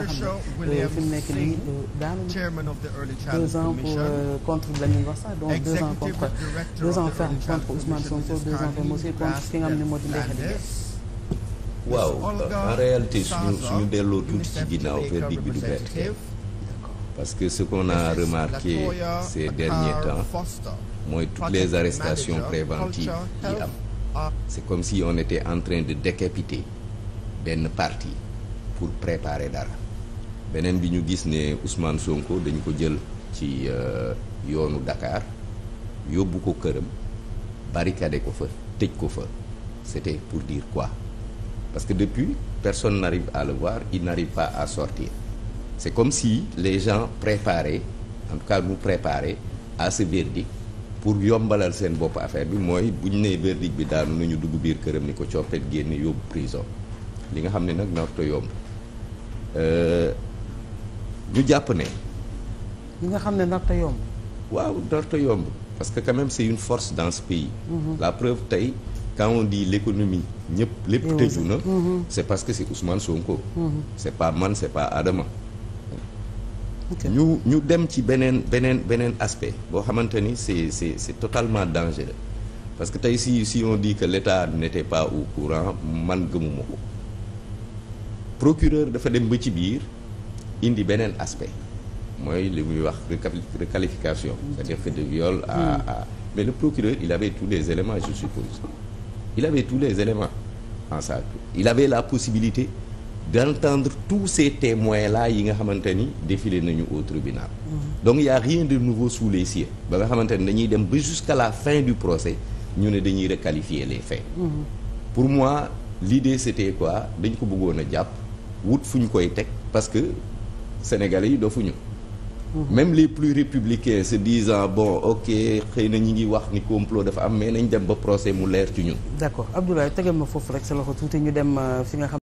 nga xam ne waaw en réalité suñu suñu delloo tuuti ci ginnaaw verdict du bett kenn parce que ce qu'on a remarqué ces derniers temps mooy toutes les arrestations préventives yi c'est comme si on était en train de décapiter benn parti pour préparer dara beneen bi ñu gis ne Ousmane Sonko dañ ko jël ci euh, yoonu Dakar yóbbu ko këram barricadé ko fa tëj ko fa c'était pour dire quoi parce que depuis personne n'arrive à le voir il n'arrive pas à sortir c'est comme si les gens préparaient en tout cas à ce verdict pour yombalal seen bopp affaire bi mooy bu ñu nee verdict bi daanu nañu dugg biir këram ni ko coppet génne yóbbu prison li nga xam ne nag narta yomb euh, ñu jàpp ne. ñi nga xam ne narta yomb. waaw narta yomb parce que quand même c'est une force dans ce pays. Mm-hmm. la preuve tey quand on dit l'économie ñëpp lépp tëju na. Mm-hmm. c'est parce que c'est Ousmane Sonko. Mm-hmm. c'est pas man c'est pas Adama. ñu ñu dem ci beneen beneen beneen aspect boo xamante ni c'est c'est c'est totalement dangereux parce que tey si si on dit que l'État n'était pas au courant man gëmuma ko procureur dafa dem ba ci biir. indi beneen aspect mooy li muy wax requalification c'est-à-dire de viol à, hmm. à mais le procureur il avait tous les éléments je suppose il avait tous les éléments en sa il avait la possibilité d'entendre tous ces témoins là yi nga xamante ni défilé nañu au tribunal hmm. donc il y a rien de nouveau sous les cieux ba nga xamante ni dañuy dem ba jusqu'à la fin du procès ñu ne dañuy requalifier les faits hmm. pour moi l'idée c'était quoi dañ ko bëggoon a jàpp wut fu ñu koy teg Sénégalais yi dofuñu même les plus républicains se disant bon ok xëy na ñu ngi wax ni complot dafa am mais nañ dem ba procès mu leer ci ñun. d'accord Abdoulaye tegal ma foofu rek sa loxo tuuti ñu dem euh, fi nga xam.